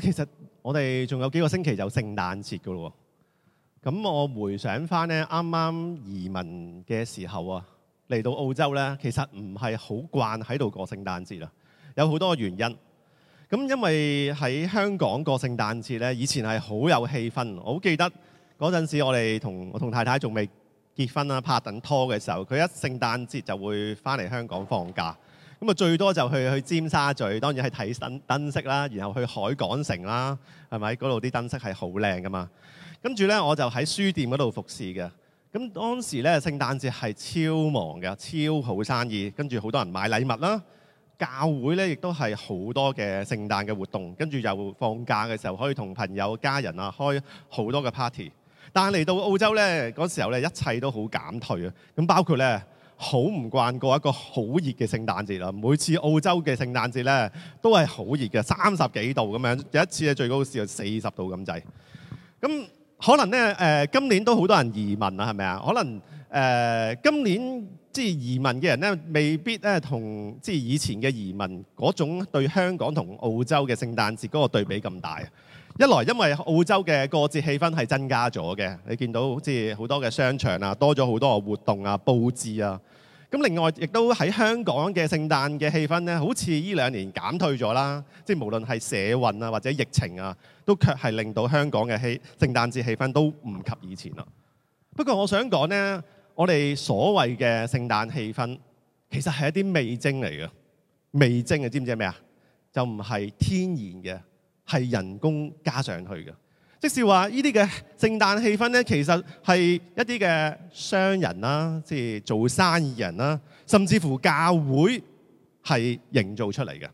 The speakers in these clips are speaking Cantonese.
其實我哋仲有幾個星期就聖誕節㗎喇喎，咁我回想返呢，啱啱移民嘅時候啊，嚟到澳洲呢，其實唔係好慣喺度過聖誕節啦，有好多原因。咁因為喺香港過聖誕節呢，以前係好有氣氛，我好記得嗰陣時我哋同我同太太仲未結婚啊，拍緊拖嘅時候，佢一聖誕節就會返嚟香港放假。咁啊，最多就去去尖沙咀，當然係睇燈燈飾啦，然後去海港城啦，係咪？嗰度啲燈飾係好靚㗎嘛。跟住呢，我就喺書店嗰度服侍嘅。咁當時呢，聖誕節係超忙嘅，超好生意。跟住好多人買禮物啦，教會呢亦都係好多嘅聖誕嘅活動。跟住又放假嘅時候，可以同朋友家人啊開好多嘅 party。但嚟到澳洲呢，嗰時候呢，一切都好減退啊。咁包括呢。好唔慣過一個好熱嘅聖誕節啦！每次澳洲嘅聖誕節呢，都係好熱嘅，三十幾度咁樣。有一次咧，最高嘅時候四十度咁滯。咁可能呢，誒、呃、今年都好多人移民啦，係咪啊？可能誒、呃、今年即係移民嘅人呢，未必呢同即係以前嘅移民嗰種對香港同澳洲嘅聖誕節嗰個對比咁大。一來因為澳洲嘅過節氣氛係增加咗嘅，你見到即係好多嘅商場啊，多咗好多嘅活動啊、佈置啊。咁另外，亦都喺香港嘅聖誕嘅氣氛咧，好似呢兩年減退咗啦。即係無論係社運啊，或者疫情啊，都卻係令到香港嘅氣聖誕節氣氛都唔及以前啦。不過我想說，我想講呢，我哋所謂嘅聖誕氣氛其實係一啲味精嚟嘅。味精你知唔知係咩啊？就唔係天然嘅，係人工加上去嘅。即使係話呢啲嘅聖誕氣氛呢，其實係一啲嘅商人啦，即係做生意人啦，甚至乎教會係營造出嚟嘅。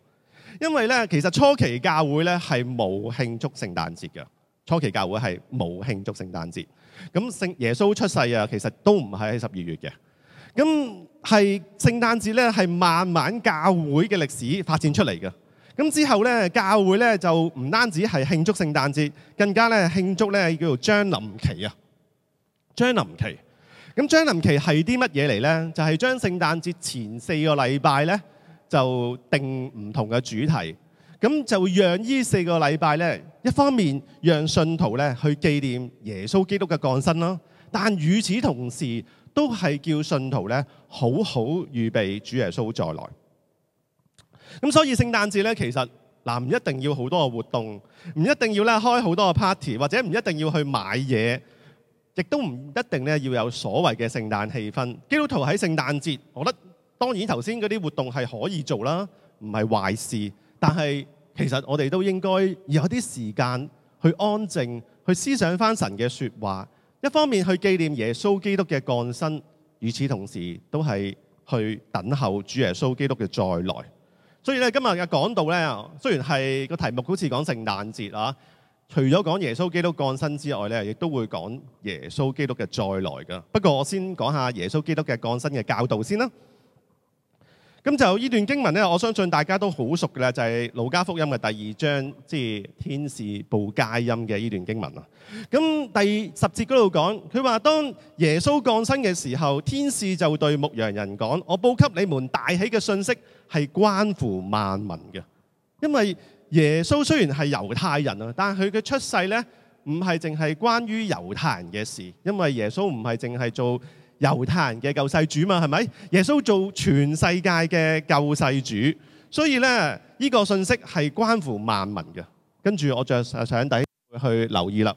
因為呢，其實初期教會呢係冇慶祝聖誕節嘅。初期教會係冇慶祝聖誕節。咁耶穌出世啊，其實都唔係喺十二月嘅。咁係聖誕節呢，係慢慢教會嘅歷史發展出嚟嘅。咁之後咧，教會咧就唔單止係慶祝聖誕節，更加咧慶祝咧叫做將臨期啊，將臨期。咁將臨期係啲乜嘢嚟呢？就係將聖誕節前四個禮拜咧，就定唔同嘅主題，咁就讓呢四個禮拜咧，一方面讓信徒咧去紀念耶穌基督嘅降生啦，但與此同時，都係叫信徒咧好好預備主耶穌再來。咁所以聖誕節咧，其實嗱，唔一定要好多個活動，唔一定要咧開好多個 party，或者唔一定要去買嘢，亦都唔一定咧要有所謂嘅聖誕氣氛。基督徒喺聖誕節，我覺得當然頭先嗰啲活動係可以做啦，唔係壞事。但係其實我哋都應該有啲時間去安靜去思想翻神嘅說話，一方面去紀念耶穌基督嘅降生，與此同時都係去等候主耶穌基督嘅再來。所以今日嘅講道呢，雖然係個題目好似講聖誕節啊，除咗講耶穌基督降生之外呢，亦都會講耶穌基督嘅再來㗎。不過我先講下耶穌基督嘅降生嘅教導先啦。咁就呢段經文咧，我相信大家都好熟嘅啦，就係《路加福音》嘅第二章，即係天使報佳音嘅呢段經文。咁第十節嗰度講，佢話當耶穌降生嘅時候，天使就對牧羊人講：我報給你們大喜嘅訊息係關乎萬民嘅，因為耶穌雖然係猶太人啊，但佢嘅出世呢，唔係淨係關於猶太人嘅事，因為耶穌唔係淨係做。猶太人嘅救世主嘛，係咪耶穌做全世界嘅救世主？所以呢，呢、呢個信息係關乎萬民嘅。跟住我就上底去留意啦。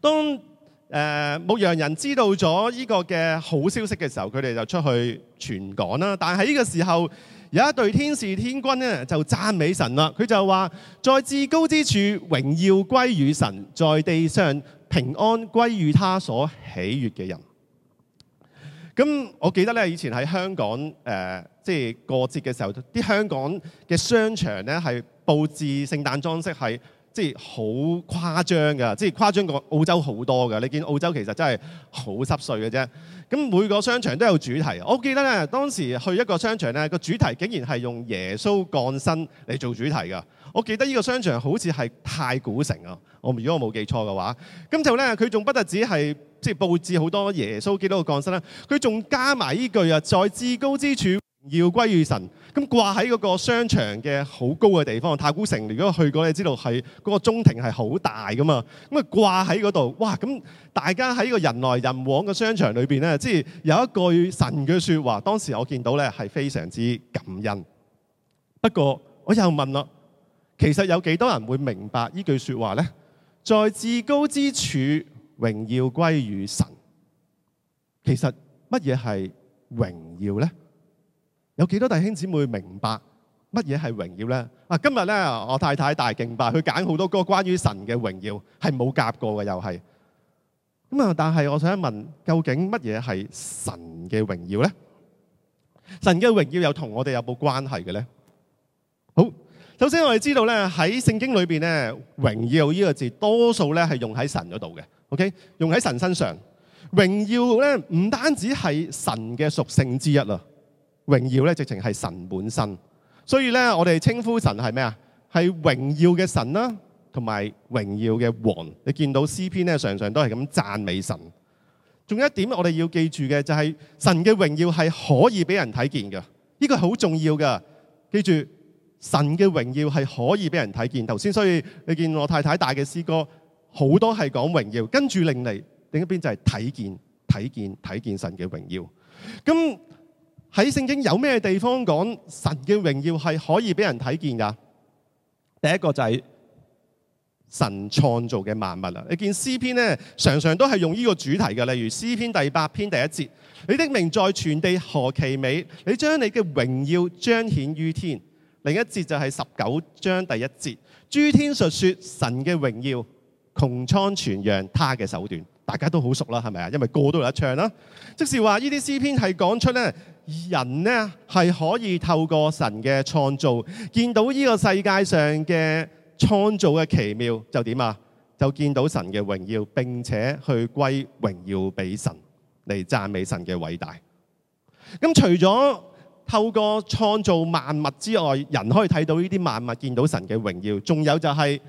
當牧、呃、羊人知道咗呢個嘅好消息嘅時候，佢哋就出去傳講啦。但係呢個個時候，有一隊天使天軍呢，就讚美神啦。佢就話：在至高之處，榮耀歸於神；在地上，平安歸於他所喜悅嘅人。咁我記得呢，以前喺香港即係、就是、過節嘅時候，啲香港嘅商場呢，係佈置聖誕裝飾係。即係好誇張㗎，即係誇張過澳洲好多㗎。你見澳洲其實真係好濕碎嘅啫。咁每個商場都有主題。我記得咧，當時去一個商場咧，個主題竟然係用耶穌降生嚟做主題㗎。我記得呢個商場好似係太古城啊。我不如果我冇記錯嘅話，咁就咧佢仲不單止係即係佈置好多耶穌基督嘅降生，啦，佢仲加埋依句啊，在至高之處要歸於神。咁掛喺嗰個商場嘅好高嘅地方，太古城如果去過，你知道係嗰個中庭係好大噶嘛？咁啊掛喺嗰度，哇！咁大家喺個人來人往嘅商場裏面咧，即係有一句神嘅說話，當時我見到咧係非常之感恩。不過我又問啦，其實有幾多人會明白呢句說話咧？在至高之處，榮耀歸於神。其實乜嘢係榮耀咧？有幾多弟兄姊妹明白乜嘢係榮耀咧？啊，今日咧，我太太大敬拜，佢揀好多歌關於神嘅榮耀係冇夾過嘅，又係咁啊。但係我想問，究竟乜嘢係神嘅榮耀咧？神嘅榮耀又同我哋有冇關係嘅咧？好，首先我哋知道咧喺聖經裏邊咧，榮耀呢個字多數咧係用喺神嗰度嘅，OK，用喺神身上。榮耀咧唔單止係神嘅屬性之一啦。榮耀咧，直情係神本身，所以咧，我哋稱呼神係咩啊？係榮耀嘅神啦，同埋榮耀嘅王。你見到詩篇咧，常常都係咁讚美神。仲有一點，我哋要記住嘅就係神嘅榮耀係可以俾人睇見嘅。呢個好重要嘅。記住，神嘅榮耀係可以俾人睇見。頭先，所以你見我太太大嘅詩歌，好多係講榮耀，跟住另嚟另一邊就係睇見、睇見、睇見神嘅榮耀。咁。喺聖經有咩地方講神嘅榮耀係可以俾人睇見㗎？第一個就係神創造嘅萬物啦。你見詩篇呢，常常都係用呢個主題嘅，例如詩篇第八篇第一節：你的名在全地何其美！你將你嘅榮耀彰顯於天。另一節就係十九章第一節：諸天述説神嘅榮耀，穹蒼傳揚他嘅手段。大家都好熟啦，係咪啊？因為個都有得唱啦。即是話呢啲詩篇係講出呢。人呢係可以透過神嘅創造，見到呢個世界上嘅創造嘅奇妙，就點啊？就見到神嘅榮耀，並且去歸榮耀俾神，嚟讚美神嘅偉大。咁除咗透過創造萬物之外，人可以睇到呢啲萬物，見到神嘅榮耀，仲有就係、是。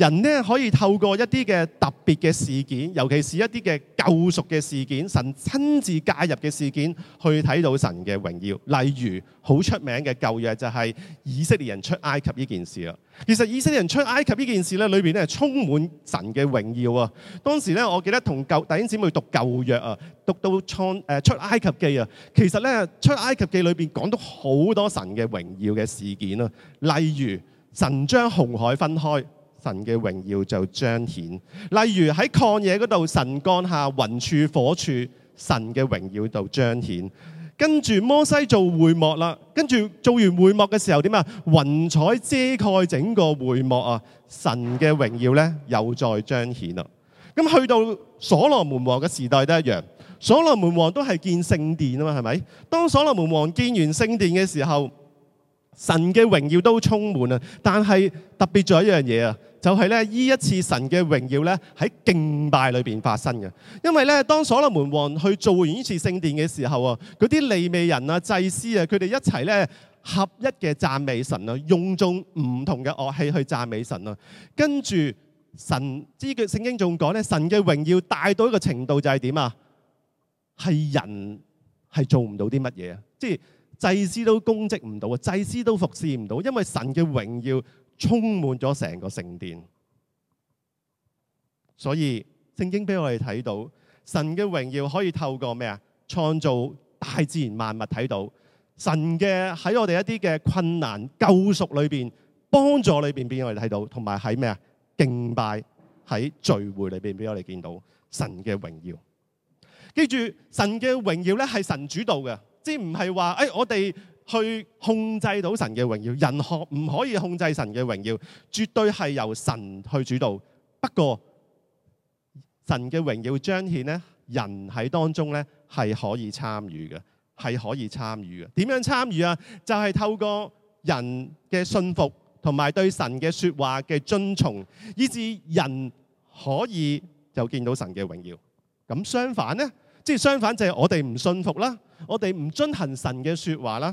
人呢，可以透過一啲嘅特別嘅事件，尤其是一啲嘅救贖嘅事件，神親自介入嘅事件，去睇到神嘅榮耀。例如好出名嘅舊約就係以色列人出埃及呢件事啦。其實以色列人出埃及呢件事咧，裏面呢充滿神嘅榮耀啊。當時呢，我記得同舊弟兄姐妹讀舊約啊，讀到創誒出埃及記啊。其實呢，出埃及記裏面講到好多神嘅榮耀嘅事件啊，例如神將紅海分開。神嘅榮耀就彰顯，例如喺曠野嗰度神降下雲柱火柱，神嘅榮耀就彰顯。跟住摩西做會幕啦，跟住做完會幕嘅時候點啊？雲彩遮蓋整個會幕啊，神嘅榮耀呢又再彰顯啦。咁去到所羅門王嘅時代都一樣，所羅門王都係建聖殿啊嘛，係咪？當所羅門王建完聖殿嘅時候，神嘅榮耀都充滿啊。但係特別做一樣嘢啊。就係咧，呢一次神嘅榮耀咧喺敬拜裏面發生嘅。因為咧，當所羅門王去做完呢次聖殿嘅時候啊，嗰啲利未人啊、祭司啊，佢哋一齊咧合一嘅讚美神啊，用眾唔同嘅樂器去讚美神啊。跟住神，呢句聖經仲講咧，神嘅榮耀大到一個程度就係點啊？係人係做唔到啲乜嘢啊？即係祭司都供職唔到啊，祭司都服侍唔到，因為神嘅榮耀。充滿咗成個聖殿，所以聖經俾我哋睇到神嘅榮耀可以透過咩啊？創造大自然萬物睇到神嘅，喺我哋一啲嘅困難救贖裏邊幫助裏邊俾我哋睇到，同埋喺咩啊？敬拜喺聚會裏邊俾我哋見到神嘅榮耀。記住神嘅榮耀咧係神主導嘅，即係唔係話誒我哋。去控制到神嘅榮耀，人可唔可以控制神嘅榮耀？絕對係由神去主導。不過神嘅榮耀彰顯呢，人喺當中呢係可以參與嘅，係可以參與嘅。點樣參與啊？就係、是、透過人嘅信服同埋對神嘅說話嘅遵從，以致人可以有見到神嘅榮耀。咁相反呢，即係相反就係我哋唔信服啦，我哋唔遵行神嘅說話啦。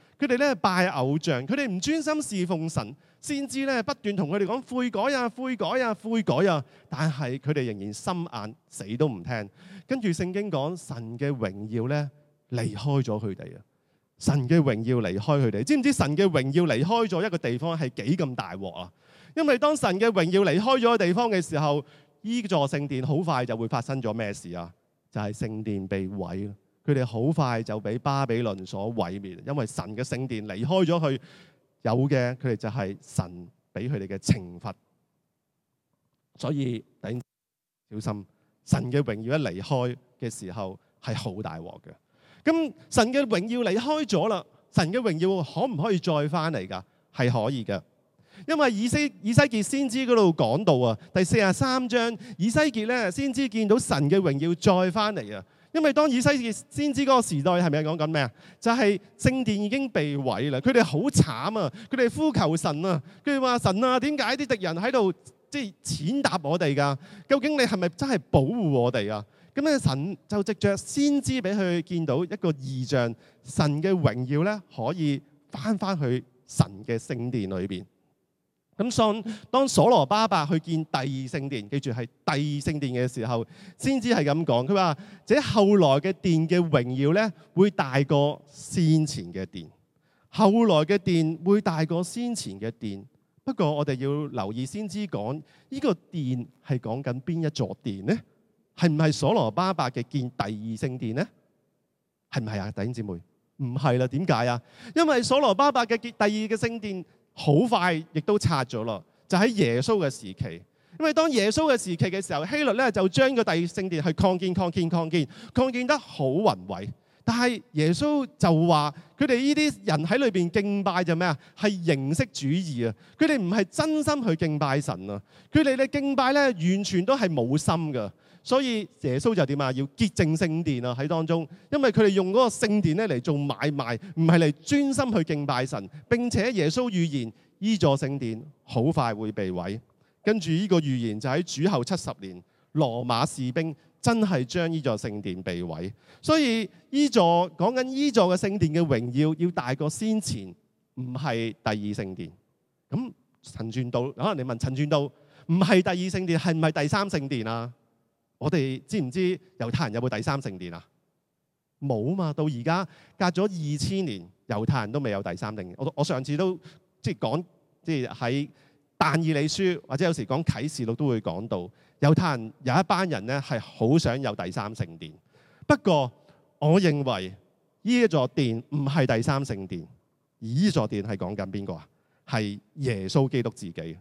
佢哋咧拜偶像，佢哋唔專心侍奉神，先至咧不斷同佢哋講悔改啊悔改啊悔改啊，但係佢哋仍然心硬，死都唔聽。跟住聖經講，神嘅榮耀咧離開咗佢哋啊，神嘅榮耀離開佢哋，知唔知神嘅榮耀離開咗一個地方係幾咁大鑊啊？因為當神嘅榮耀離開咗個地方嘅時候，呢座聖殿好快就會發生咗咩事啊？就係、是、聖殿被毀。佢哋好快就俾巴比倫所毀滅，因為神嘅聖殿離開咗，佢有嘅佢哋就係神俾佢哋嘅懲罰。所以小心，神嘅榮耀一離開嘅時候係好大鑊嘅。咁神嘅榮耀離開咗啦，神嘅榮耀可唔可以再翻嚟噶？係可以嘅，因為以西以西結先知嗰度講到啊，第四十三章，以西結咧先知見到神嘅榮耀再翻嚟啊。因為當以西結先知嗰個時代係咪講緊咩啊？就係聖殿已經被毀啦，佢哋好慘啊！佢哋呼求神啊，佢哋話神啊，點解啲敵人喺度即係踐踏我哋㗎？究竟你係咪真係保護我哋啊？咁咧神就藉着先知俾佢見到一個異象，神嘅榮耀咧可以翻返去神嘅聖殿裏邊。咁信，當所羅巴伯去建第二聖殿，記住係第二聖殿嘅時候，先知係咁講，佢話：這後來嘅殿嘅榮耀咧，會大過先前嘅殿；後來嘅殿會大過先前嘅殿。不過我哋要留意先知講呢、呢個殿係講緊邊一座殿呢？係唔係所羅巴伯嘅建第二聖殿呢？係唔係啊，弟兄姐妹？唔係啦，點解啊？因為所羅巴伯嘅建第二嘅聖殿。好快亦都拆咗喇。就喺耶穌嘅時期。因為當耶穌嘅時期嘅時候，希律咧就將個第二聖殿去擴建、擴建、擴建、擴建得好宏偉。但係耶穌就話：佢哋呢啲人喺裏邊敬拜就咩啊？係形式主義啊！佢哋唔係真心去敬拜神啊！佢哋嘅敬拜咧完全都係冇心㗎。所以耶穌就點啊？要潔淨聖殿啊！喺當中，因為佢哋用嗰個聖殿咧嚟做買賣，唔係嚟專心去敬拜神。並且耶穌預言依座聖殿好快會被毀。跟住依個預言就喺主後七十年，羅馬士兵真係將依座聖殿被毀。所以依座講緊依座嘅聖殿嘅榮耀要大過先前，唔係第二聖殿。咁陳傳道，可能你問陳傳道，唔係第二聖殿，係唔係第三聖殿啊？我哋知唔知猶太人有冇第三聖殿啊？冇啊嘛！到而家隔咗二千年，猶太人都未有第三聖殿。我我上次都即係講，即係喺但以理書或者有時講啟示錄都會講到猶太人有一班人咧係好想有第三聖殿。不過我認為呢一座殿唔係第三聖殿，而呢座殿係講緊邊個啊？係耶穌基督自己。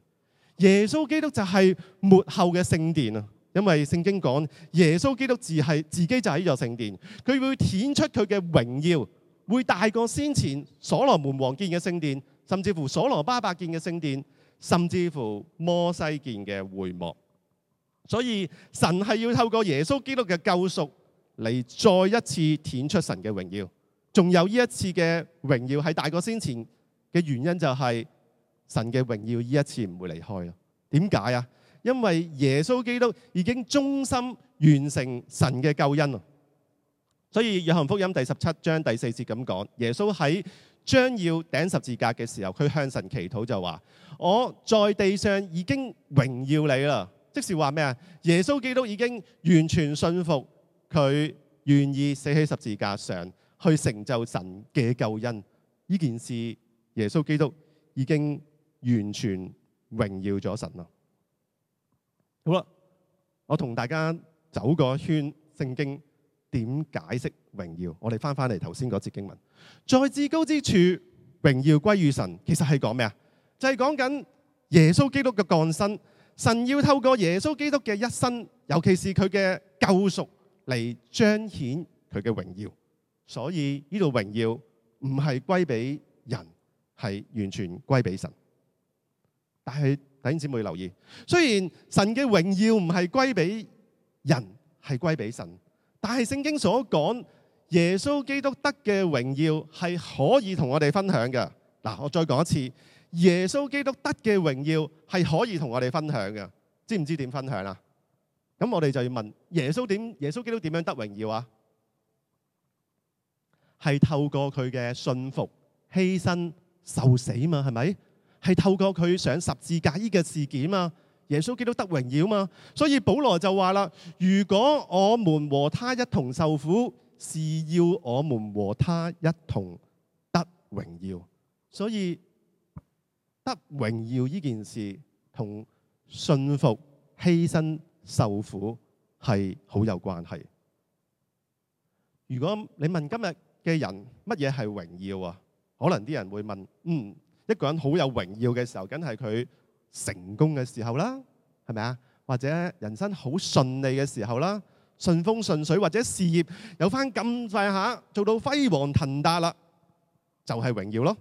耶穌基督就係末後嘅聖殿啊！因為聖經講，耶穌基督自係自己就喺座聖殿，佢會顯出佢嘅榮耀，會大過先前所羅門王建嘅聖殿，甚至乎所羅巴伯建嘅聖殿，甚至乎摩西建嘅會幕。所以神係要透過耶穌基督嘅救贖嚟，再一次顯出神嘅榮耀。仲有呢一次嘅榮耀係大過先前嘅原因就係、是、神嘅榮耀呢一次唔會離開咯。點解啊？因為耶穌基督已經忠心完成神嘅救恩，所以約翰福音第十七章第四節咁講：耶穌喺將要頂十字架嘅時候，佢向神祈禱就話：我在地上已經榮耀你啦。即是話咩啊？耶穌基督已經完全信服佢願意死喺十字架上去成就神嘅救恩。呢件事，耶穌基督已經完全榮耀咗神咯。好啦，我同大家走個圈，聖經點解釋榮耀？我哋返返嚟頭先嗰節經文，在至高之處，榮耀歸於神。其實係講咩啊？就係講緊耶穌基督嘅降生。神要透過耶穌基督嘅一生，尤其是佢嘅救贖，嚟彰顯佢嘅榮耀。所以呢度榮耀唔係歸俾人，係完全歸俾神。係弟兄姊妹留意，雖然神嘅榮耀唔係歸俾人，係歸俾神。但係聖經所講，耶穌基督得嘅榮耀係可以同我哋分享嘅。嗱，我再講一次，耶穌基督得嘅榮耀係可以同我哋分享嘅。知唔知點分享啊？咁我哋就要問耶穌點？耶穌基督點樣得榮耀啊？係透過佢嘅信服、犧牲、受死嘛，係咪？係透過佢上十字架嘅事件,耶穌基督得榮耀,所以保羅就話啦,如果我們和他一同受苦,是要我們和他一同得榮耀,所以得榮耀呢件事同信服,犧牲,受苦係好有關係,如果你問今日嘅人乜嘢係榮耀啊,可能啲人會問,一個人好有榮耀嘅時候，梗係佢成功嘅時候啦，係咪啊？或者人生好順利嘅時候啦，順風順水或者事業有翻咁快吓做到輝煌騰達啦，就係榮耀咯。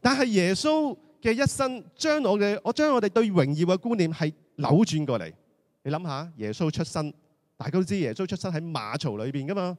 但係耶穌嘅一生，將我嘅我將我哋對榮耀嘅觀念係扭轉過嚟。你諗下，耶穌出生，大家都知耶穌出生喺馬槽裏邊噶嘛。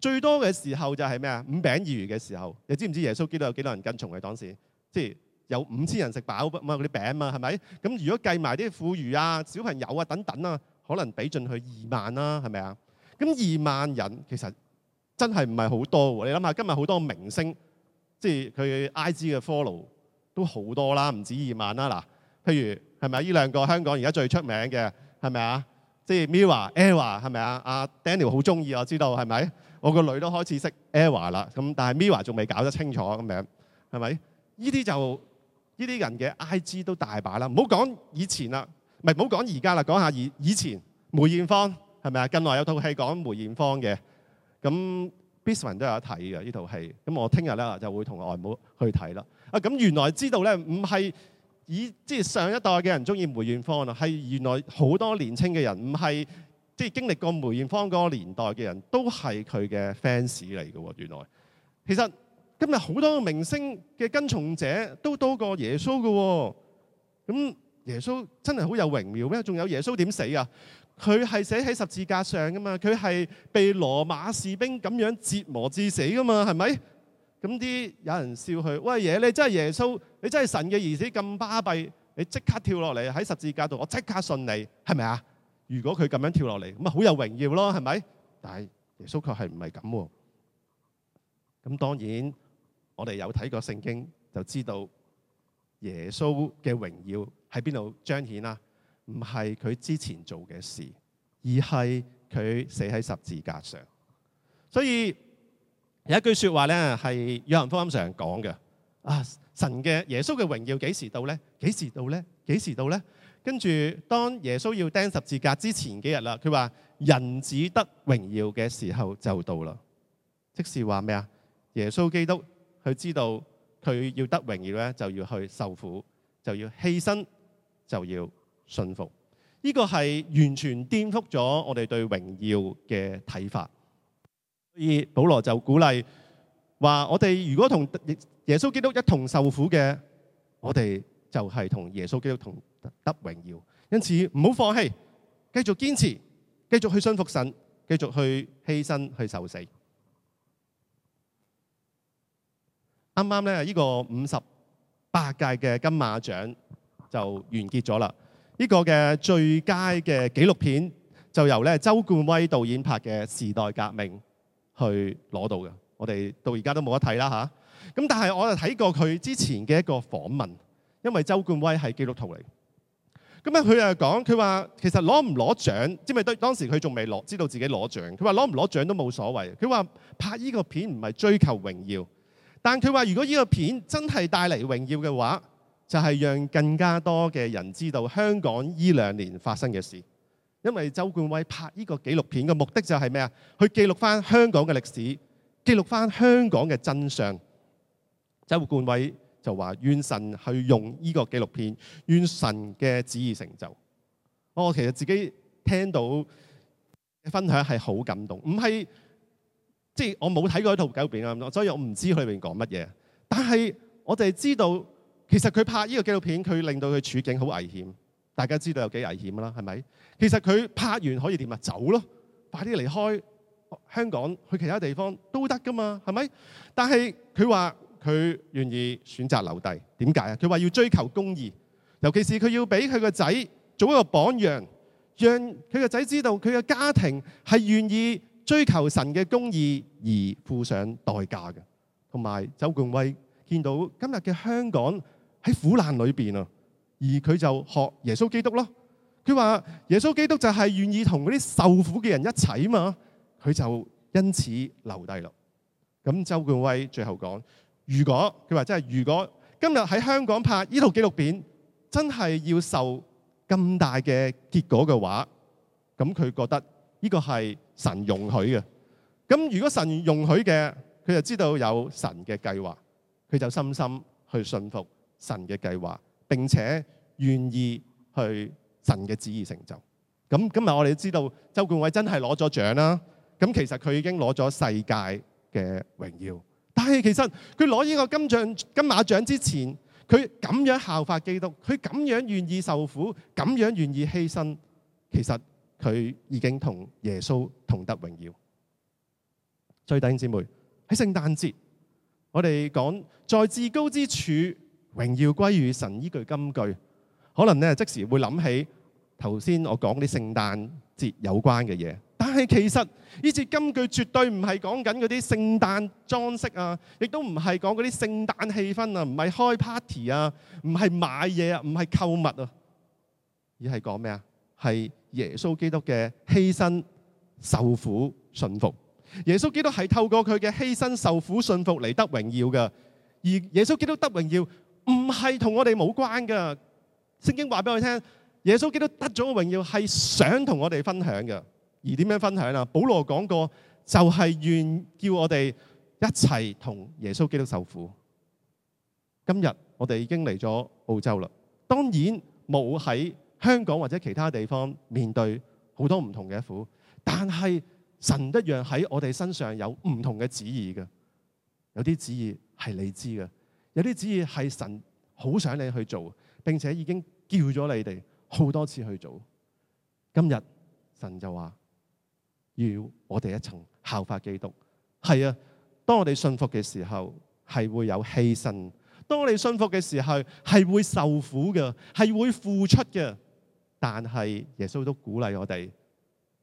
最多嘅時候就係咩啊？五餅二魚嘅時候，你知唔知耶穌基督有多有幾多人跟從佢當時？即係有五千人食飽乜嗰啲餅啊，係咪？咁如果計埋啲婦孺啊、小朋友啊等等啊，可能比進去二萬啦，係咪啊？咁二萬人其實真係唔係好多。你諗下，今日好多的明星，即係佢 IG 嘅 follow 都好多啦，唔止二萬啦。嗱，譬如係咪啊？呢兩個香港而家最出名嘅係咪啊？即係 Mirror、Error 係咪啊？阿 Daniel 好中意我知道係咪？是不是？我個女都開始識 ERROR 啦，咁但係 MIRROR 仲未搞得清楚咁樣，係咪？呢啲就呢啲人嘅 IG 都大把啦，唔好講以前啦，唔係唔好講而家啦，講下以以前梅艷芳係咪啊？近來有套戲講梅艷芳嘅，咁 Brisbane 都有得睇嘅呢套戲，咁我聽日咧就會同外母去睇啦。啊，咁原來知道咧，唔係以即係上一代嘅人中意梅艷芳啊，係原來好多年青嘅人唔係。不是即係經歷過梅艷芳嗰個年代嘅人都係佢嘅 fans 嚟㗎喎，原來其實今日好多嘅明星嘅跟從者都多過耶穌嘅喎，咁耶穌真係好有榮妙咩？仲有耶穌點死啊？佢係寫喺十字架上㗎嘛？佢係被羅馬士兵咁樣折磨致死㗎嘛？係咪？咁啲有人笑佢喂，耶？你真係耶穌？你真係神嘅兒子咁巴閉？你即刻跳落嚟喺十字架度，我即刻信你係咪啊？是如果佢咁樣跳落嚟，咁啊好有榮耀咯，係咪？但係耶穌卻係唔係咁喎？咁當然我哋有睇過聖經，就知道耶穌嘅榮耀喺邊度彰顯啦，啊。唔係佢之前做嘅事，而係佢死喺十字架上。所以有一句説話咧，係約翰福音上講嘅：啊，神嘅耶穌嘅榮耀幾時到咧？幾時到咧？幾時到咧？跟住，當耶穌要釘十字架之前幾日啦，佢話：人子得榮耀嘅時候就到啦。即是話咩啊？耶穌基督，佢知道佢要得榮耀咧，就要去受苦，就要犧牲，就要信服。呢個係完全顛覆咗我哋對榮耀嘅睇法。所以保羅就鼓勵話：我哋如果同耶穌基督一同受苦嘅，我哋就係、是、同耶穌基督同得榮耀，因此唔好放棄，繼續堅持，繼續去信服神，繼續去犧牲去受死。啱啱咧，呢個五十八屆嘅金馬獎就完結咗啦。呢、這個嘅最佳嘅紀錄片就由咧周冠威導演拍嘅《時代革命》去攞到嘅。我哋到而家都冇得睇啦吓？咁但係我就睇過佢之前嘅一個訪問。因為周冠威係基督徒嚟，咁啊佢又講，佢話其實攞唔攞獎，即係當時佢仲未攞，知道自己攞獎。佢話攞唔攞獎都冇所謂。佢話拍呢個片唔係追求榮耀，但佢話如果呢個片真係帶嚟榮耀嘅話，就係、是、讓更加多嘅人知道香港呢兩年發生嘅事。因為周冠威拍呢個紀錄片嘅目的就係咩啊？去記錄翻香港嘅歷史，記錄翻香港嘅真相。周冠威。就話願神去用依個紀錄片，願神嘅旨意成就。我其實自己聽到嘅分享係好感動，唔係即係我冇睇過一套紀錄片咁所以我唔知佢裏面講乜嘢。但係我淨係知道，其實佢拍依個紀錄片，佢令到佢處境好危險。大家知道有幾危險啦，係咪？其實佢拍完可以點啊？走咯，快啲離開香港，去其他地方都得噶嘛，係咪？但係佢話。佢願意選擇留低，點解啊？佢話要追求公義，尤其是佢要俾佢個仔做一個榜樣，讓佢個仔知道佢嘅家庭係願意追求神嘅公義而付上代價嘅。同埋周冠威見到今日嘅香港喺苦難裏面，啊，而佢就學耶穌基督咯。佢話耶穌基督就係願意同嗰啲受苦嘅人一齊嘛，佢就因此留低嘞。咁周冠威最後講。如果佢話即係，如果今日喺香港拍呢套紀錄片，真係要受咁大嘅結果嘅話，咁佢覺得呢個係神容許嘅。咁如果神容許嘅，佢就知道有神嘅計劃，佢就深深去信服神嘅計劃，並且願意去神嘅旨意成就。咁今日我哋都知道周冠偉真係攞咗獎啦。咁其實佢已經攞咗世界嘅榮耀。係，其實佢攞呢個金像金馬獎之前，佢咁樣效法基督，佢咁樣願意受苦，咁樣願意犧牲，其實佢已經同耶穌同得榮耀。最頂姐妹喺聖誕節，我哋講在至高之處榮耀歸於神，呢句金句，可能咧即時會諗起頭先我講啲聖誕節有關嘅嘢。係，其實呢節金句絕對唔係講緊嗰啲聖誕裝飾啊，亦都唔係講嗰啲聖誕氣氛啊，唔係開 party 啊，唔係買嘢啊，唔係購物啊，而係講咩啊？係耶穌基督嘅犧牲受苦信服。耶穌基督係透過佢嘅犧牲受苦信服嚟得榮耀噶。而耶穌基督得榮耀唔係同我哋冇關噶。聖經話俾我聽，耶穌基督得咗個榮耀係想同我哋分享噶。而點樣分享啦？保羅講過，就係願叫我哋一齊同耶穌基督受苦。今日我哋已經嚟咗澳洲啦，當然冇喺香港或者其他地方面對好多唔同嘅苦，但係神一樣喺我哋身上有唔同嘅旨意嘅。有啲旨意係你知嘅，有啲旨意係神好想你去做，並且已經叫咗你哋好多次去做。今日神就話。要我哋一層效法基督，係啊！當我哋信服嘅時候，係會有犧牲；當我哋信服嘅時候，係會受苦嘅，係會付出嘅。但係耶穌都鼓勵我哋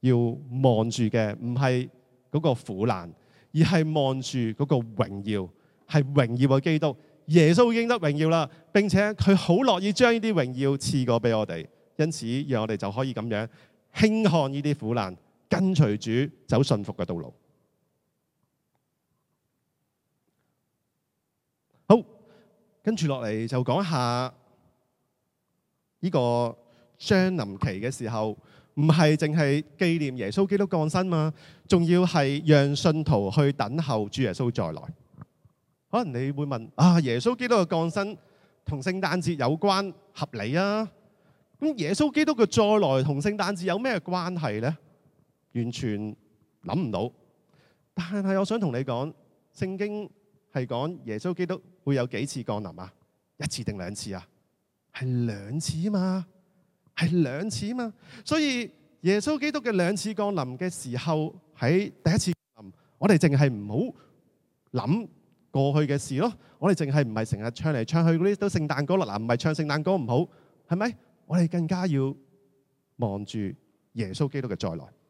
要望住嘅，唔係嗰個苦難，而係望住嗰個榮耀，係榮耀嘅基督。耶穌已經得榮耀啦，並且佢好樂意將呢啲榮耀賜過俾我哋，因此讓我哋就可以咁樣輕看呢啲苦難。跟隨主走，信服嘅道路好。跟住落嚟就講下呢個將臨期嘅時候，唔係淨係紀念耶穌基督降生嘛，仲要係讓信徒去等候主耶穌再來。可能你會問：啊，耶穌基督嘅降生同聖誕節有關，合理啊？咁耶穌基督嘅再來同聖誕節有咩關係呢？完全諗唔到，但係我想同你講，聖經係講耶穌基督會有幾次降臨啊？一次定兩次啊？係兩次啊嘛，係兩次啊嘛。所以耶穌基督嘅兩次降臨嘅時候喺第一次降臨，我哋淨係唔好諗過去嘅事咯。我哋淨係唔係成日唱嚟唱去嗰啲都聖誕歌咯。嗱，唔係唱聖誕歌唔好係咪？我哋更加要望住耶穌基督嘅再來。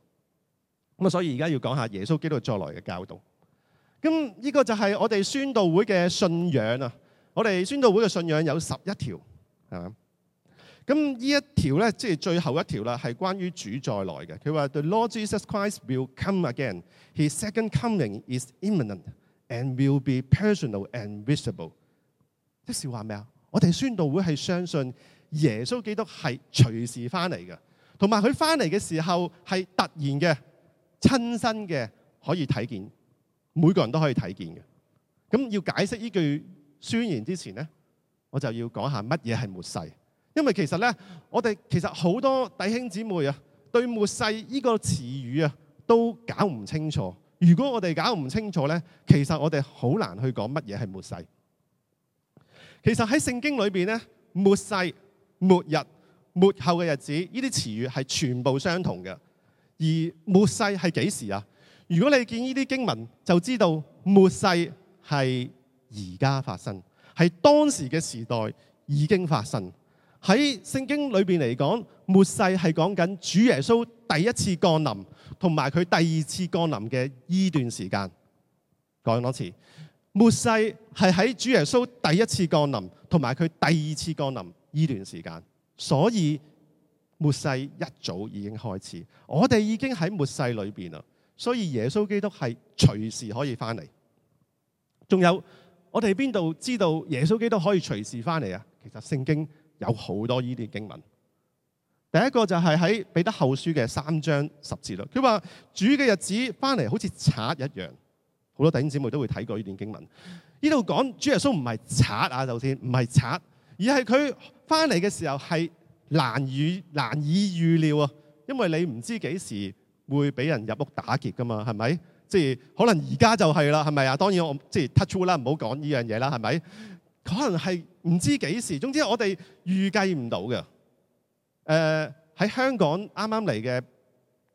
咁所以而家要講下耶穌基督再來嘅教導。咁呢個就係我哋宣道會嘅信仰啊。我哋宣道會嘅信仰有十一條，係嘛？咁呢一條咧，即係最後一條啦，係關於主再來嘅。佢話：The Lord Jesus Christ will come again. His second coming is imminent and will be personal and visible。即係話咩啊？我哋宣道會係相信耶穌基督係隨時翻嚟嘅，同埋佢翻嚟嘅時候係突然嘅。親身嘅可以睇見，每個人都可以睇見嘅。咁要解釋呢句宣言之前呢，我就要講下乜嘢係末世。因為其實呢，我哋其實好多弟兄姊妹啊，對末世呢個詞語啊，都搞唔清楚。如果我哋搞唔清楚呢，其實我哋好難去講乜嘢係末世。其實喺聖經裏面呢，末世、末日、末後嘅日子，呢啲詞語係全部相同嘅。而末世係幾時啊？如果你見呢啲經文，就知道末世係而家發生，係當時嘅時代已經發生。喺聖經裏邊嚟講，末世係講緊主耶穌第一次降臨同埋佢第二次降臨嘅呢段時間。講多次，末世係喺主耶穌第一次降臨同埋佢第二次降臨呢段時間，所以。末世一早已經開始，我哋已經喺末世裏面啦，所以耶穌基督係隨時可以翻嚟。仲有我哋邊度知道耶穌基督可以隨時翻嚟啊？其實聖經有好多呢啲經文。第一個就係喺彼得後書嘅三章十字啦。佢話主嘅日子翻嚟好似賊一樣，好多弟兄姊妹都會睇過呢段經文。呢度講主耶穌唔係賊啊，首先唔係賊，而係佢翻嚟嘅時候係難以難以預料啊，因為你唔知幾時會俾人入屋打劫㗎嘛，係咪？即係可能而家就係啦，係咪啊？當然我即係 touch wood 啦，唔好講呢樣嘢啦，係咪？可能係唔知幾時，總之我哋預計唔到嘅。誒、呃，喺香港啱啱嚟嘅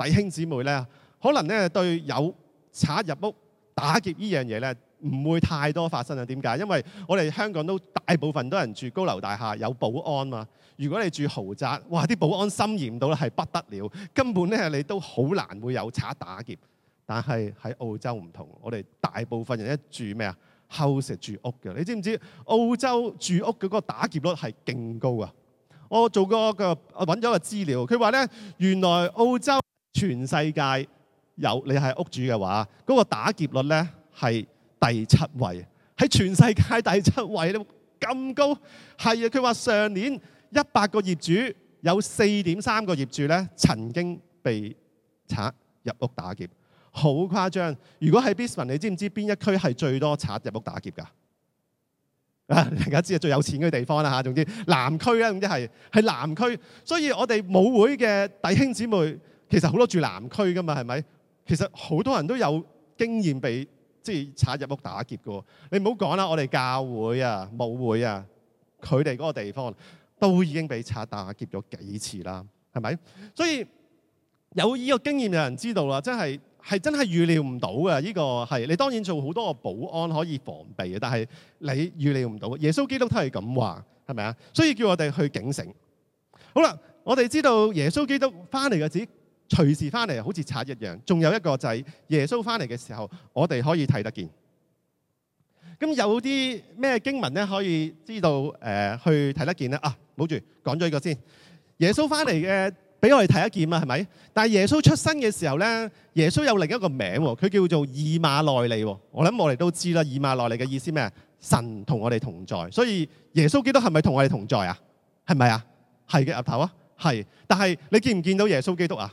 弟兄姊妹咧，可能咧對有賊入屋打劫這件事呢樣嘢咧。唔會太多發生啊。點解？因為我哋香港都大部分都人住高樓大廈，有保安嘛。如果你住豪宅，哇！啲保安森嚴到咧，係不得了，根本咧你都好難會有賊打劫。但係喺澳洲唔同，我哋大部分人一住咩啊？厚石住屋嘅，你知唔知道澳洲住屋嘅嗰個打劫率係勁高啊？我做過找了個個揾咗個資料，佢話咧，原來澳洲全世界有你係屋主嘅話，嗰、嗰個打劫率咧係，是第七位喺全世界第七位啦，咁高係啊！佢話上年一百個業主有四點三個業主咧，曾經被賊入屋打劫，好誇張！如果喺 Brisbane 你知唔知邊一區係最多賊入屋打劫噶？啊，大家知啊，最有錢嘅地方啦吓，啊，總之南區咧，總之係係南區。所以我哋舞會嘅弟兄姊妹，其實好多住南區噶嘛，係咪？其實好多人都有經驗被。即係賊入屋打劫嘅，你唔好講啦。我哋教會啊、牧會啊，佢哋嗰個地方都已經俾賊打劫咗幾次啦，係咪？所以有呢個經驗嘅人知道啦，真係係真係預料唔到嘅。呢、這個係你當然做好多個保安可以防備，但係你預料唔到。耶穌基督都係咁話，係咪啊？所以叫我哋去警醒。好啦，我哋知道耶穌基督翻嚟嘅時。隨時翻嚟，好似賊一樣，仲有一個就係耶穌翻嚟嘅時候，我哋可以睇得見。咁有啲咩經文咧，可以知道誒、呃、去睇得見咧啊，冇住講咗呢個先。耶穌翻嚟嘅俾我哋睇得見啊，係咪？但係耶穌出生嘅時候咧，耶穌有另一個名，佢叫做以馬內利。我諗我哋都知啦，以馬內利嘅意思咩？神同我哋同在。所以耶穌基督係咪同我哋同在啊？係咪啊？係嘅，岌頭啊，係。但係你見唔見到耶穌基督啊？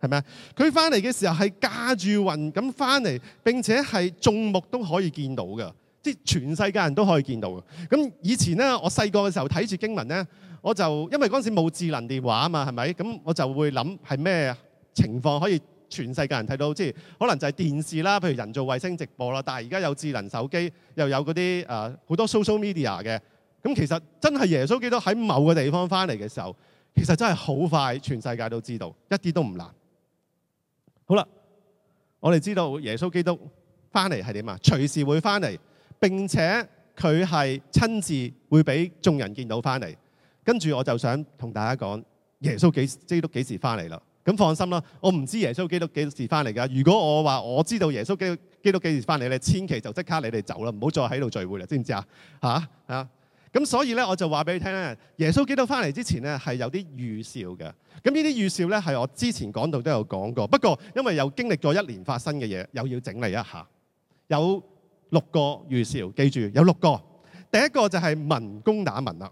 係咪啊？佢翻嚟嘅時候係架住雲咁翻嚟，並且係眾目都可以見到㗎，即係全世界人都可以見到嘅。咁以前咧，我細個嘅時候睇住經文咧，我就因為嗰陣時冇智能電話啊嘛，係咪？咁我就會諗係咩情況可以全世界人睇到？即係可能就係電視啦，譬如人造衛星直播啦。但係而家有智能手機，又有嗰啲誒好多 social media 嘅。咁其實真係耶穌基督喺某個地方翻嚟嘅時候，其實真係好快全世界都知道，一啲都唔難。好啦，我哋知道耶穌基督翻嚟係點啊？隨時會翻嚟，並且佢係親自會俾眾人見到翻嚟。跟住我就想同大家講，耶穌幾基督幾時翻嚟啦？咁放心啦，我唔知耶穌基督幾時翻嚟噶。如果我話我知道耶穌基督基督幾時翻嚟咧，你千祈就即刻你哋走啦，唔好再喺度聚會啦，知唔知啊？吓啊！咁所以咧，我就話俾你聽咧，耶穌基督返嚟之前咧係有啲預兆嘅。咁呢啲預兆咧係我之前講到都有講過。不過因為又經歷咗一年發生嘅嘢，又要整理一下。有六個預兆，記住有六個。第一個就係民攻打民啦，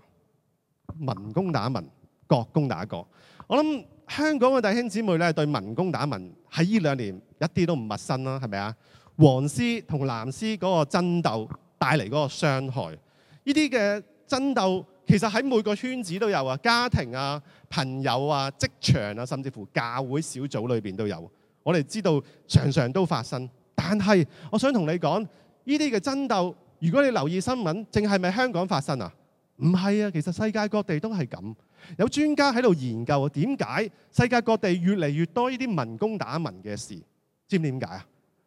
民攻打民，國攻打國。我諗香港嘅弟兄姊妹咧對民攻打民喺呢兩年一啲都唔陌生啦，係咪啊？黃絲同藍絲嗰個爭鬥帶嚟嗰個傷害。呢啲嘅爭鬥其實喺每個圈子都有啊，家庭啊、朋友啊、職場啊，甚至乎教會小組裏面都有。我哋知道常常都發生，但係我想同你講，呢啲嘅爭鬥，如果你留意新聞，淨係咪香港發生啊？唔係啊，其實世界各地都係咁。有專家喺度研究啊，點解世界各地越嚟越多呢啲民工打民嘅事？知唔知點解啊？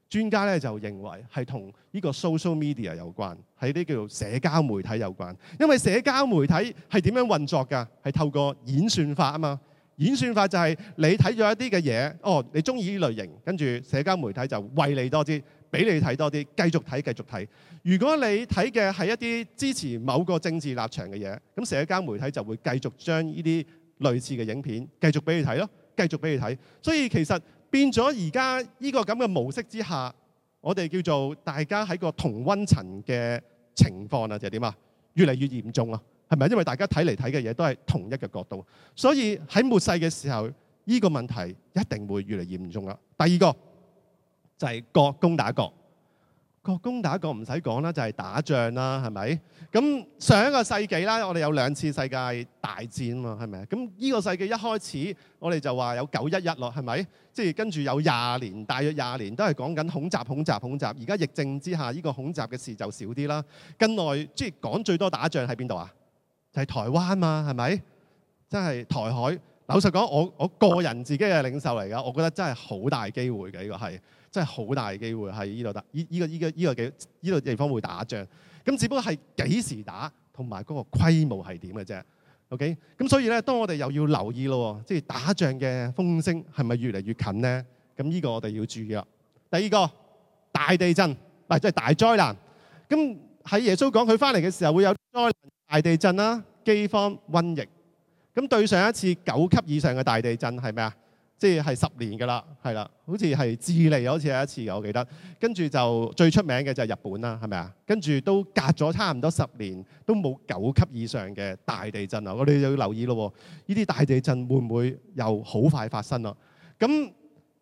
專家咧就認為係同呢個 social media 有關，係啲叫做社交媒體有關。因為社交媒體係點樣運作㗎？係透過演算法啊嘛。演算法就係你睇咗一啲嘅嘢，哦，你中意呢類型，跟住社交媒體就為你多啲，俾你睇多啲，繼續睇繼續睇。如果你睇嘅係一啲支持某個政治立場嘅嘢，咁社交媒體就會繼續將呢啲類似嘅影片繼續俾你睇咯，繼續俾你睇。所以其實。變咗而家呢個咁嘅模式之下，我哋叫做大家喺個同溫層嘅情況啊，就係點啊？越嚟越嚴重啊，係咪？因為大家睇嚟睇嘅嘢都係同一個角度，所以喺末世嘅時候，呢個問題一定會越嚟嚴重啦。第二個就係國攻打國。個攻打個唔使講啦，就係、是、打仗啦，係咪？咁上一個世紀啦，我哋有兩次世界大戰嘛，係咪？咁呢個世紀一開始，我哋就話有九一一咯，係咪？即係跟住有廿年，大約廿年都係講緊恐襲、恐襲、恐襲。而家疫症之下，呢、這個恐襲嘅事就少啲啦。近來即係講最多打仗喺邊度啊？就係、是、台灣嘛，係咪？真係台海。老實講，我我個人自己嘅領受嚟㗎，我覺得真係好大機會嘅呢個係。是真係好大機會係呢度打，呢、呢個、呢個、呢個幾呢度地方會打仗，咁只不過係幾時打同埋嗰個規模係點嘅啫。OK，咁所以咧，當我哋又要留意咯，即係打仗嘅風聲係咪越嚟越近咧？咁呢個我哋要注意啦。第二個大地震唔即係大災難。咁喺耶穌講佢翻嚟嘅時候會有災難、大地震啦、饑荒、瘟疫。咁對上一次九級以上嘅大地震係咩啊？即係十年㗎啦，係啦，好似係智利，好似係一次，我記得。跟住就最出名嘅就係日本啦，係咪啊？跟住都隔咗差唔多十年都冇九級以上嘅大地震啦，我哋就要留意咯。呢啲大地震會唔會又好快發生咯？咁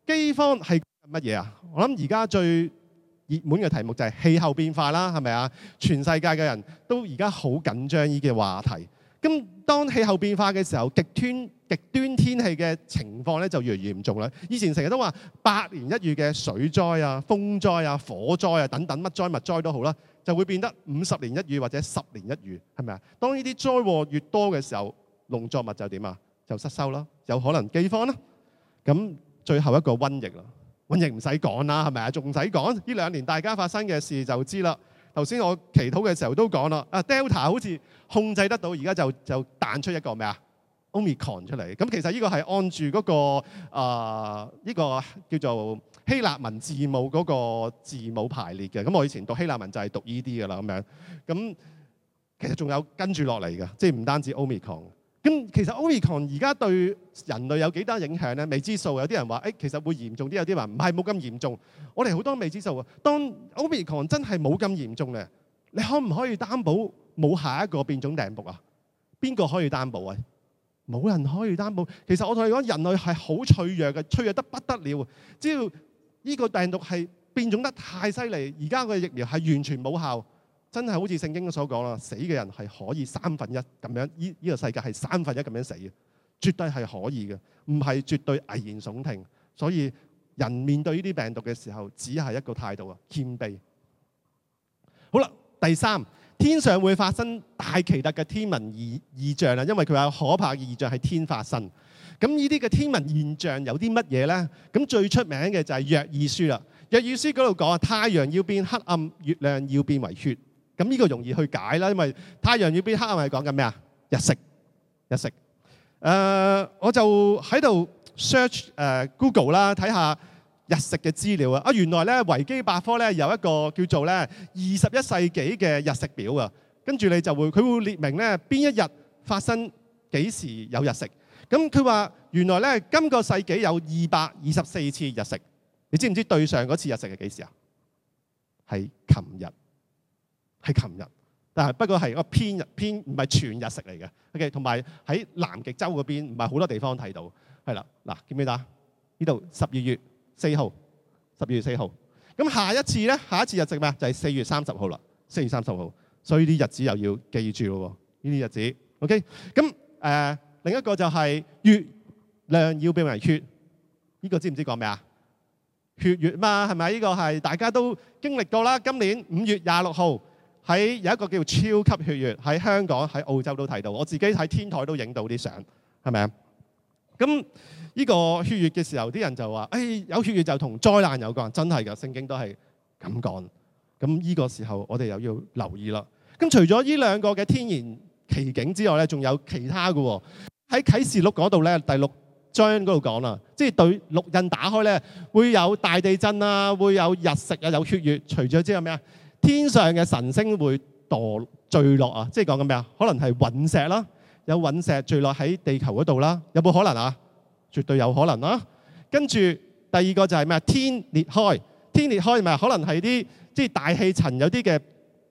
饑荒係乜嘢啊？我諗而家最熱門嘅題目就係氣候變化啦，係咪啊？全世界嘅人都而家好緊張呢嘅話題。咁當氣候變化嘅時候，極端極端天氣嘅情況咧就越嚟嚴重啦。以前成日都話百年一遇嘅水災啊、風災啊、火災啊等等乜災物災都好啦，就會變得五十年一遇或者十年一遇，係咪啊？當呢啲災禍越多嘅時候，農作物就點啊？就失收啦，有可能饑荒啦。咁最後一個瘟疫啦，瘟疫唔使講啦，係咪啊？仲唔使講？呢兩年大家發生嘅事就知啦。頭先我祈禱嘅時候都講啦，啊 Delta 好似控制得到，而家就就彈出一個咩啊 Omicron 出嚟。咁其實呢個係按住嗰、嗰個啊依、呃呢個叫做希臘文字母嗰個字母排列嘅。咁我以前讀希臘文就係讀依啲㗎啦，咁樣。咁其實仲有跟住落嚟嘅，即係唔單止 Omicron 咁其實 Omicron 而家對人類有幾多影響咧？未知數。有啲人話：誒，其實會嚴重啲。有啲話唔係冇咁嚴重。我哋好多未知數啊。當 Omicron 真係冇咁嚴重咧，你可唔可以擔保冇下一個變種病毒啊？邊個可以擔保啊？冇人可以擔保。其實我同你講，人類係好脆弱嘅，脆弱得不得了。只要呢個病毒係變種得太犀利，而家嘅疫苗係完全冇效。真係好似聖經所講啦，死嘅人係可以三分一咁樣，呢、呢個世界係三分一咁樣死嘅，絕對係可以嘅，唔係絕對危言聳聽。所以人面對呢啲病毒嘅時候，只係一個態度啊，謙卑。好啦，第三，天上會發生大奇特嘅天文異象啦，因為佢話可怕嘅異象係天發生。咁呢啲嘅天文現象有啲乜嘢呢？咁最出名嘅就係約珥書啦。約珥書嗰度講啊，太陽要變黑暗，月亮要變為血。咁、這、呢個容易去解啦，因為太陽要變黑係講緊咩啊？日食，日食、呃。我就喺度 search Google 啦，睇下日食嘅資料啊。啊，原來咧維基百科咧有一個叫做咧二十一世紀嘅日食表啊。跟住你就會佢會列明咧邊一日發生幾時有日食。咁佢話原來咧今、這個世紀有二百二十四次日食。你知唔知對上嗰次日食係幾時啊？係琴日。係琴日，但係不過係個偏日偏唔係全日食嚟嘅。O K，同埋喺南極洲嗰邊唔係好多地方睇到，係啦。嗱，見唔見到？呢度十二月四號，十二月四號。咁下一次咧，下一次日食咩？就係四月三十號啦，四月三十號。所以啲日子又要記住咯。呢啲日子，O K。咁、okay? 誒、呃，另一個就係月亮要變為血。呢、這個知唔知講咩啊？血月嘛，係咪？呢、這個係大家都經歷過啦。今年五月廿六號。喺有一個叫超級血月，喺香港、喺澳洲都睇到。我自己喺天台都影到啲相，係咪啊？咁呢個血月嘅時候，啲人就話：誒，有血月就同災難有關，真係㗎，聖經都係咁講。咁呢個時候我哋又要留意啦。咁除咗呢兩個嘅天然奇景之外呢，仲有其他嘅喎。喺啟示錄嗰度呢，第六章嗰度講啦，即係對六印打開呢，會有大地震啊，會有日食啊，有血月。除咗之後咩啊？天上嘅神星會墜落啊！即係講緊咩啊？可能係隕石啦，有隕石墜落喺地球嗰度啦。有冇可能啊？絕對有可能啦、啊。跟住第二個就係咩啊？天裂開，天裂開係咪可能係啲即係大氣層有啲嘅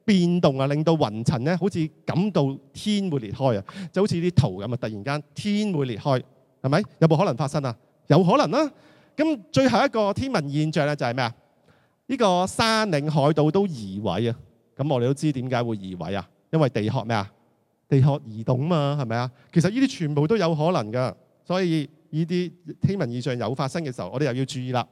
變動啊，令到雲層咧好似感到天會裂開啊，就好似啲圖咁啊！突然間天會裂開，係咪有冇可能發生啊？有可能啦、啊。咁最後一個天文現象咧就係咩啊？呢、個山嶺海島都移位啊！咁我哋都知點解會移位啊？因為地殼咩啊？地殼移動嘛，係咪啊？其實呢啲全部都有可能噶，所以呢啲天文異象有發生嘅時候，我哋又要注意啦。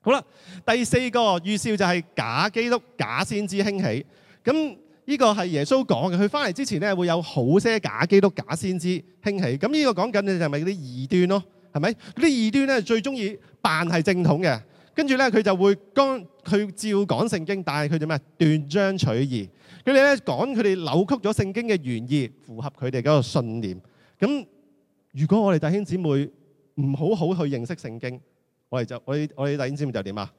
好啦，第四個預兆就係假基督、假先知興起。咁呢、個係耶穌講嘅，佢翻嚟之前咧會有好些假基督、假先知興起。咁呢個講緊你就係咪嗰啲異端咯？係咪？嗰啲異端咧最中意扮係正統嘅。跟住咧，佢就會剛佢照講聖經，但係佢哋咩斷章取義？佢哋咧講佢哋扭曲咗聖經嘅原意，符合佢哋嗰個信念。咁如果我哋弟兄姊妹唔好好去認識聖經，我哋就我我哋弟兄姊妹就點啊？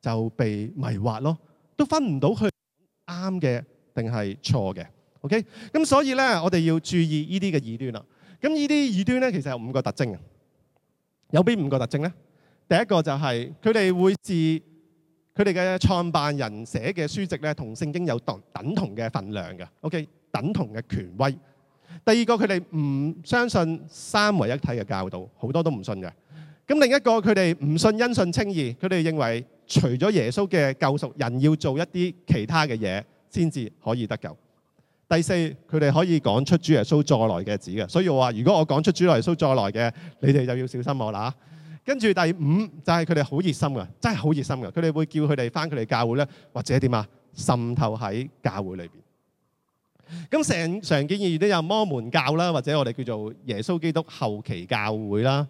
就被迷惑咯，都分唔到佢啱嘅定係錯嘅。OK，咁所以咧，我哋要注意呢啲嘅異端啦。咁呢啲異端咧，其實有五個特徵嘅。有邊五個特徵咧？第一個就係佢哋會自佢哋嘅創辦人寫嘅書籍咧，同聖經有等等同嘅份量嘅，OK，等同嘅權威。第二個佢哋唔相信三位一體嘅教導，好多都唔信嘅。咁另一個佢哋唔信因信稱義，佢哋認為除咗耶穌嘅救贖，人要做一啲其他嘅嘢先至可以得救。第四，佢哋可以講出主耶穌再來嘅子嘅，所以我話如果我講出主耶穌再來嘅，你哋就要小心我啦。跟住第五就係佢哋好熱心噶，真係好熱心噶。佢哋會叫佢哋返佢哋教會咧，或者點啊？滲透喺教會裏邊。咁常常見到都有摩門教啦，或者我哋叫做耶穌基督後期教會啦。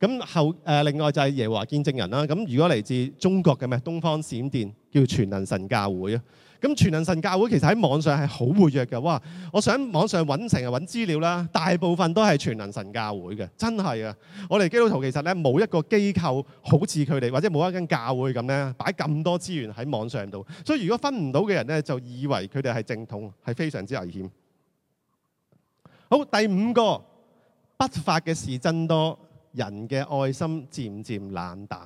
咁後誒，另外就係耶和華見證人啦。咁如果嚟自中國嘅咩東方閃電，叫全能神教會啊。咁全能神教會其實喺網上係好活躍嘅，哇！我上網上揾成日揾資料啦，大部分都係全能神教會嘅，真係啊！我哋基督徒其實咧冇一個機構好似佢哋，或者冇一間教會咁咧，擺咁多資源喺網上度，所以如果分唔到嘅人咧，就以為佢哋係正統，係非常之危險。好，第五個不法嘅事增多，人嘅愛心漸漸冷淡。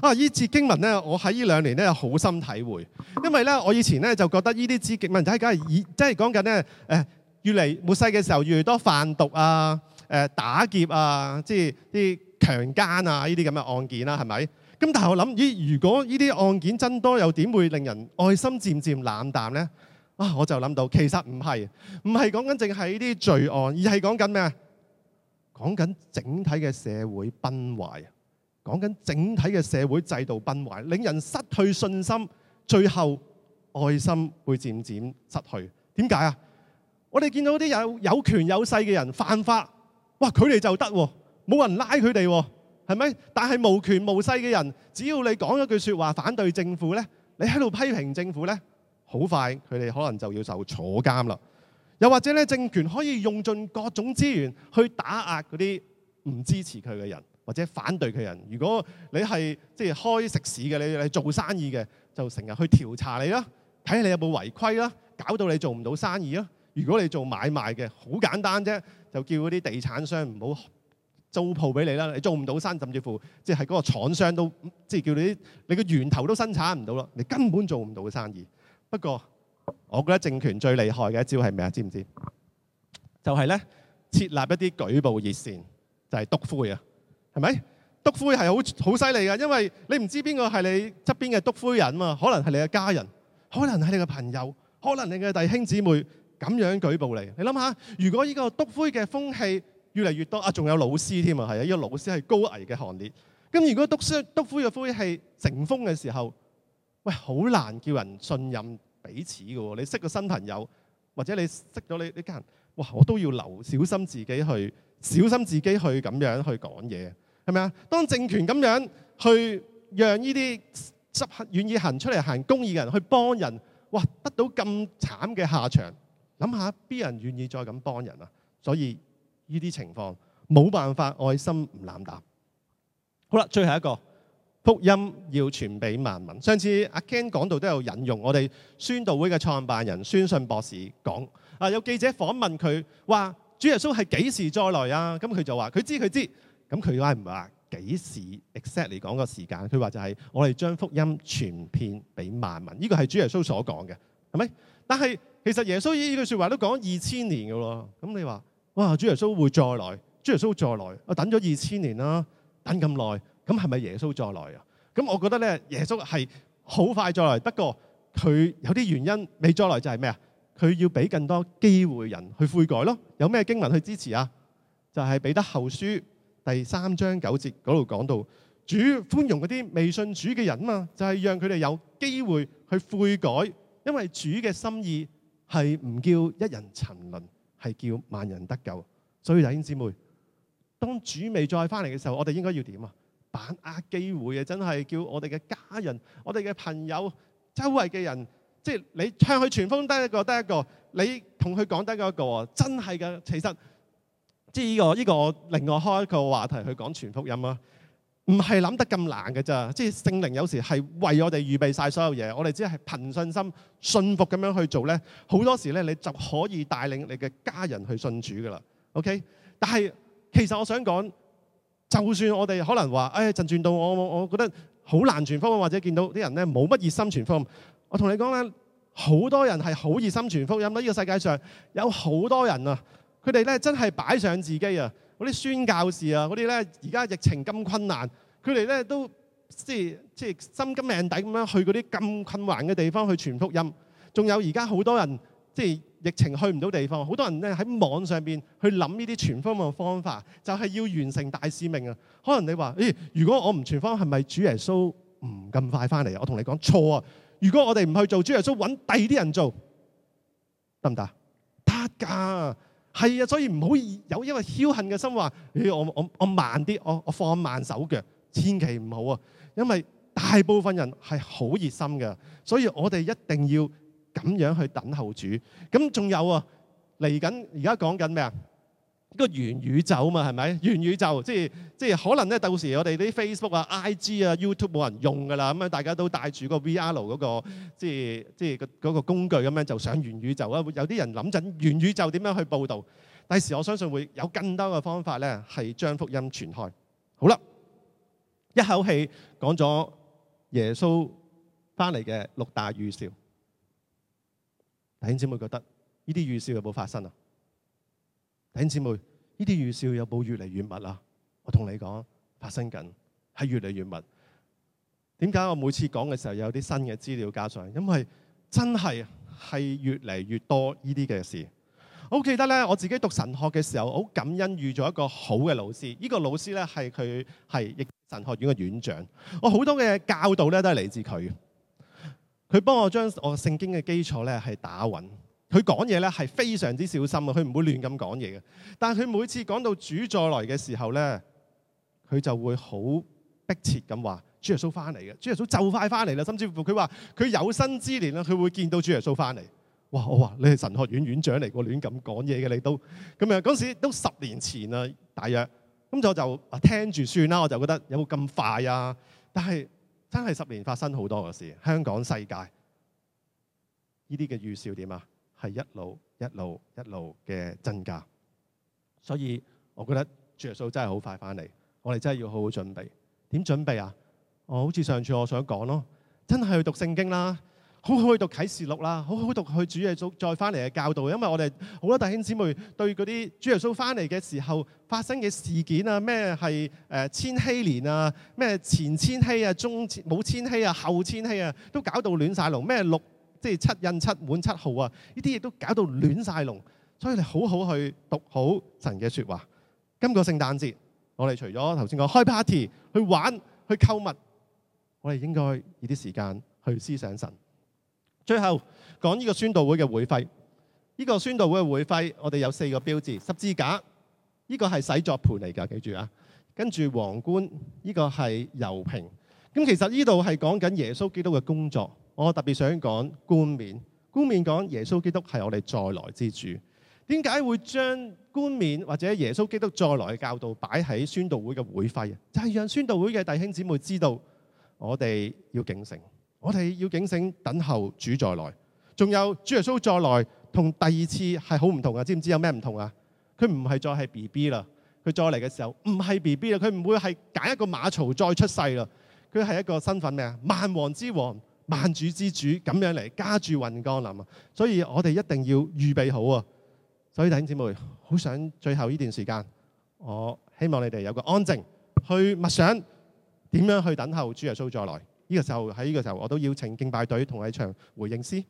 啊！依節經文咧，我喺呢兩年咧有好深體會，因為咧我以前咧就覺得呢啲字經文就梗緊係以即係講緊咧誒越嚟末世嘅時候越嚟越多販毒啊、誒、呃、打劫啊、即係啲強奸啊呢啲咁嘅案件啦，係咪？咁但係我諗咦，如果呢啲案件增多，又點會令人愛心漸漸冷淡咧？啊，我就諗到其實唔係，唔係講緊淨係呢啲罪案，而係講緊咩啊？講緊整體嘅社會崩壞講緊整體嘅社會制度崩壞，令人失去信心，最後愛心會漸漸失去。點解啊？我哋見到啲有有權有勢嘅人犯法，哇！佢哋就得喎，冇人拉佢哋喎，係咪？但係無權無勢嘅人，只要你講一句說話反對政府呢，你喺度批評政府呢，好快佢哋可能就要受坐監啦。又或者呢，政權可以用盡各種資源去打壓嗰啲唔支持佢嘅人。或者反對嘅人，如果你係即係開食肆嘅，你係做生意嘅，就成日去調查你啦，睇下你有冇違規啦，搞到你做唔到生意啦。如果你做買賣嘅，好簡單啫，就叫嗰啲地產商唔好租鋪俾你啦，你做唔到生，甚至乎即係係嗰個廠商都即係、就是、叫你啲你嘅源頭都生產唔到咯，你根本做唔到嘅生意。不過我覺得政權最厲害嘅一招係咩啊？知唔知？就係咧設立一啲舉報熱線，就係、是、篤灰啊！係咪督灰係好好犀利嘅？因為你唔知邊個係你側邊嘅督灰人嘛？可能係你嘅家人，可能係你嘅朋友，可能你嘅弟兄姊妹咁樣舉報你。你諗下，如果呢個督灰嘅風氣越嚟越多，啊，仲有老師添啊，係啊，呢個老師係高危嘅行列。咁如果督督灰嘅灰係成風嘅時候，喂，好難叫人信任彼此嘅。你識個新朋友，或者你識咗你呢人，哇，我都要留小心自己去。小心自己去咁樣去講嘢，係咪啊？當政權咁樣去讓呢啲執行願意行出嚟行公義嘅人去幫人，哇！得到咁慘嘅下場，諗下邊人願意再咁幫人啊？所以呢啲情況冇辦法，愛心唔攬答。好啦，最後一個福音要傳俾萬民。上次阿 Ken 講到都有引用我哋宣道會嘅創辦人孫信博士講啊，有記者訪問佢話。主耶穌係幾時再來啊？咁佢就話：佢知佢知。咁佢話唔話幾時？except 嚟講個時間，佢話就係我哋將福音傳遍俾萬民。呢個係主耶穌所講嘅，係咪？但係其實耶穌依句説話都講咗二千年嘅咯。咁你話：哇！主耶穌會再來，主耶穌再來。我等咗二千年啦，等咁耐，咁係咪耶穌再來啊？咁我覺得咧，耶穌係好快再來。不過佢有啲原因未再來就是什麼，就係咩啊？佢要俾更多機會人去悔改咯，有咩經文去支持啊？就係彼得後書第三章九節嗰度講到主，主寬容嗰啲未信主嘅人啊嘛，就係、是、讓佢哋有機會去悔改，因為主嘅心意係唔叫一人沉淪，係叫萬人得救。所以弟兄姊妹，當主未再翻嚟嘅時候，我哋應該要點啊？把握機會啊！真係叫我哋嘅家人、我哋嘅朋友、周圍嘅人。即係你向佢傳福音得一個得一個，你同佢講得一個，一個真係嘅。其實即係依個依個另外開一個話題去講傳福音啊，唔係諗得咁難㗎咋，即係聖靈有時係為我哋預備晒所有嘢，我哋只係憑信心信服咁樣去做咧，好多時咧你就可以帶領你嘅家人去信主㗎喇。OK，但係其實我想講，就算我哋可能話誒陣轉到我我覺得好難傳福音，或者見到啲人咧冇乜熱心傳福音我同你講咧，好多人係好熱心傳福音啦！呢個世界上有好多人啊，佢哋咧真係擺上自己啊！嗰啲宣教士啊，嗰啲咧，而家疫情咁困難，佢哋咧都即係即係心甘命抵咁樣去嗰啲咁困難嘅地方去傳福音。仲有而家好多人即係疫情去唔到地方，好多人咧喺網上邊去諗呢啲傳福音嘅方法，就係要完成大使命啊！可能你話：咦，如果我唔傳福音，係咪主耶穌唔咁快翻嚟啊？我同你講錯啊！如果我哋唔去做，主係想揾第二啲人做，得唔得？得噶，係啊，所以唔好有一個僥倖嘅心話、哎，我我我慢啲，我我放慢手腳，千祈唔好啊，因為大部分人係好熱心嘅，所以我哋一定要咁樣去等候主。咁仲有啊，嚟緊而家講緊咩啊？呢、這個元宇宙嘛係咪？元宇宙即係即係可能咧，到時我哋啲 Facebook 啊、IG 啊、YouTube 冇人用㗎喇，咁樣大家都戴住個 VR 嗰、那個、即係即係嗰嗰個工具咁樣就上元宇宙啦。有啲人諗緊元宇宙點樣去報導，第時我相信會有更多嘅方法咧，係將福音傳開。好啦，一口氣講咗耶穌返嚟嘅六大預兆，弟兄姊妹覺得呢啲預兆有冇發生啊？弟兄姊妹，呢啲預兆有冇越嚟越密啊？我同你講，發生緊係越嚟越密。點解我每次講嘅時候有啲新嘅資料加上？因為真係係越嚟越多呢啲嘅事。我好記得呢，我自己讀神學嘅時候，好感恩遇咗一個好嘅老師。呢、呢個老師呢，係佢係神學院嘅院長。我好多嘅教導我我呢，都係嚟自佢。佢幫我將我聖經嘅基礎呢，係打穩。佢講嘢咧係非常之小心啊，佢唔會亂咁講嘢嘅。但係佢每次講到主再來嘅時候咧，佢就會好迫切咁話：主耶穌翻嚟嘅，主耶穌就快翻嚟啦。甚至乎佢話佢有生之年啊，佢會見到主耶穌翻嚟。哇！我話你係神學院院長嚟，過亂咁講嘢嘅你都咁樣，嗰時都十年前啦，大約咁我就聽住算啦。我就覺得有冇咁快啊？但係真係十年發生好多嘅事，香港世界呢啲嘅預兆點啊？係一路一路一路嘅增加，所以我覺得主耶穌真係好快翻嚟，我哋真係要好好準備。點準備啊？我好似上次我想講咯，真係去讀聖經啦，好好去讀啟示錄啦，好好讀去主耶穌再翻嚟嘅教導。因為我哋好多弟兄姊妹對嗰啲主耶穌翻嚟嘅時候發生嘅事件啊，咩係誒千禧年啊，咩前千禧啊、中冇千禧啊、後千禧啊，都搞到亂晒龍。咩六？即係七印七滿七號啊！呢啲嘢都搞到亂晒龍，所以你好好去讀好神嘅說話。今個聖誕節，我哋除咗頭先講開 party 去玩去購物，我哋應該要啲時間去思想神。最後講呢個宣道會嘅會徽，呢個宣道會嘅會徽，我哋有四個標誌：十字架，呢個係洗作盤嚟㗎，記住啊！跟住皇冠，呢個係油瓶。咁其實呢度係講緊耶穌基督嘅工作。我特別想講冠冕，冠冕講耶穌基督係我哋再來之主。點解會將冠冕或者耶穌基督再來嘅教導擺喺宣道會嘅會費？就係讓宣道會嘅弟兄姊妹知道，我哋要警醒，我哋要警醒等候主再來。仲有主耶穌再來同第二次係好唔同嘅，知唔知有咩唔同啊？佢唔係再係 B B 啦，佢再嚟嘅時候唔係 B B 啦，佢唔會係揀一個馬槽再出世啦。佢係一個身份咩啊？萬王之王。萬主之主咁樣嚟駕住雲降臨，所以我哋一定要預備好啊！所以弟兄姊妹，好想最後呢段時間，我希望你哋有個安靜去默想，點樣去等候主耶穌再來。呢個時候，喺呢個時候，我都邀請敬拜隊同我場回應詩